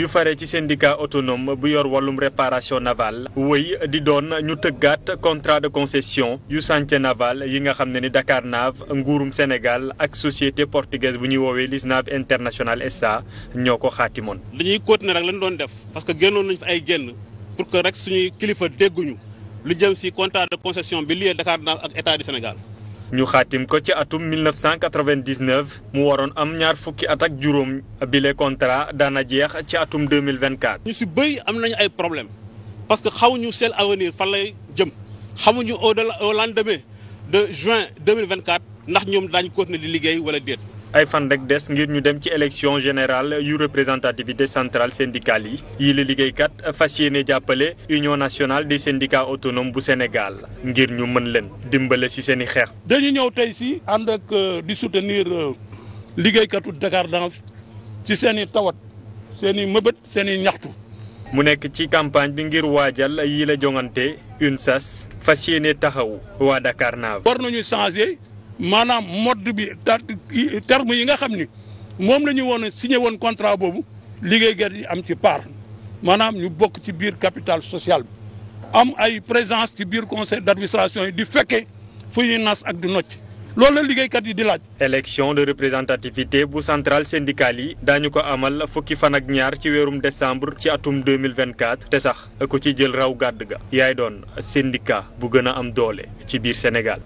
yu fare ci syndicat autonome bu yor wàllum réparation navale wëy di doon ñu tëggaat contrat de concession yu chantier naval yi nga xam ne ni Dakarnave nguurum Sénégal ak société portugaise bu ñuy woowee Lisnave International SA ñoo ko xaatimoon. dañuy continuer rek lañ doon def parce que génnoon nañ fi ay génn pour que rek suñuy kilifa dégguñu lu jëm ci contrat de concession bi lié Dakarnave ak état du Sénégal. ñu xaatim ko ci atum 1999 mu waroon am ñaar fukki at ak juróom bile contrat daana jeex ci atum 2024. ñu si bëri am nañu ay problème parce que xawuñu seen avenir fan lay jëm xamuñu au delà au lendemain de juin 2024 ndax ñoom daañu continuer di liggéey wala déet. ay fan rek des ngir ñu dem ci élection général yu représentativité centrale syndicale yi yii la liggéeykat fas yéene jàppale union nationale des syndicats autonomes bu Sénégal ngir ñu mën leen dimbale si seen i xeex. dañu ñëw tey si ànd ak euh, di soutenir euh, liggéeykatu Dakar Dange ci seen i tawat seeni mëbët seen i ñaxtu. mu nekk ci campagne bi ngir waajal yii la jongante UNSAS fas yéene taxaw waa Dakarnave. war nañu changé maanaam modd bi terme yi nga xam ni moom la ñu woon a woon contrat boobu liggéey liggéeykat yi am ci part maanaam ñu bokk ci biir capital social bi am ay présence ci biir conseil d'administration yi di fekkee fu ñuy nas ak di nocc loolu la liggéeykat yi di laaj. élection de représentativité bu centrale syndicale yi daañu ko amal fukki fan ak ñaar ci weerum décembre ci atum 2024 te sax ko ci jël raw gàdd ga yaay doon syndicat bu gën a am doole ci biir Sénégal.